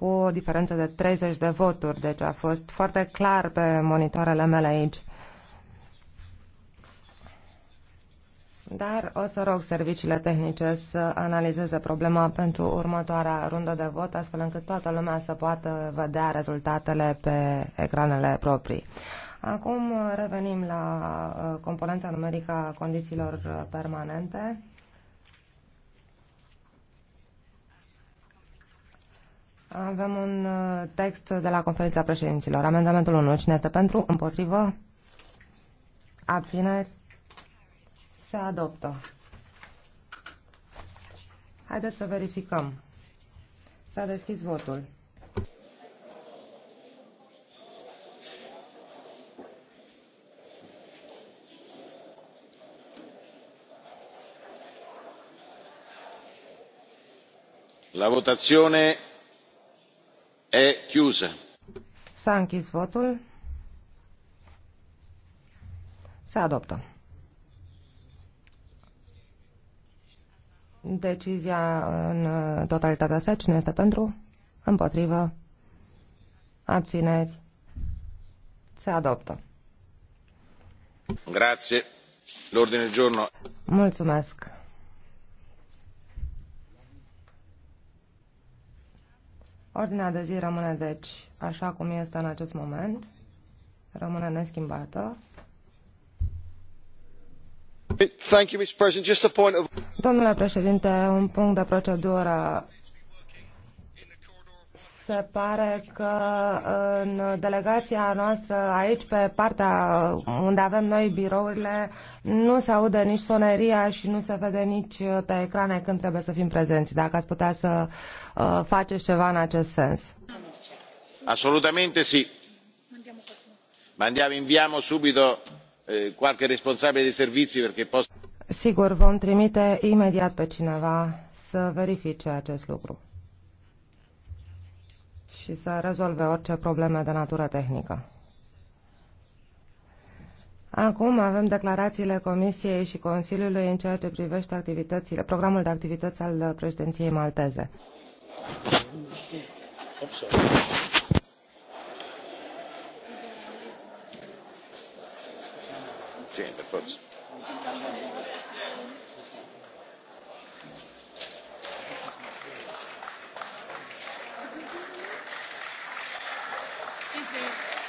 cu o diferență de 30 de voturi, deci a fost foarte clar pe monitoarele mele aici. Dar o să rog serviciile tehnice să analizeze problema pentru următoarea rundă de vot, astfel încât toată lumea să poată vedea rezultatele pe ecranele proprii. Acum revenim la uh, componența numerică a condițiilor uh, permanente. Avem un uh, text de la conferința președinților. Amendamentul 1. Cine este pentru? Împotrivă? Abțineri? Se adoptă. Haideți să verificăm. S-a deschis votul. La votazione e chiusă. S-a închis votul. Se adoptă. Decizia în uh, totalitatea sa, cine este pentru? Împotrivă? Abțineri? Se adoptă. Grazie. L'ordine del giorno. Mulțumesc. Ordinea de zi rămâne, deci, așa cum este în acest moment, rămâne neschimbată. Thank you, Mr. President. Just a point of... Domnule președinte, un punct de procedură se pare că în delegația noastră aici, pe partea unde avem noi birourile, nu se aude nici soneria și nu se vede nici uh, pe ecrane când trebuie să fim prezenți. Dacă ați putea să uh, faceți ceva în acest sens. Assolutamente sì. Mandiamo, inviamo subito eh, qualche responsabile dei servizi perché posso... Sigur, vom trimite imediat pe cineva să verifice acest lucru și să rezolve orice probleme de natură tehnică. Acum avem declarațiile Comisiei și Consiliului în ceea ce privește activitățile, programul de activități al președinției malteze. Sì, per președinte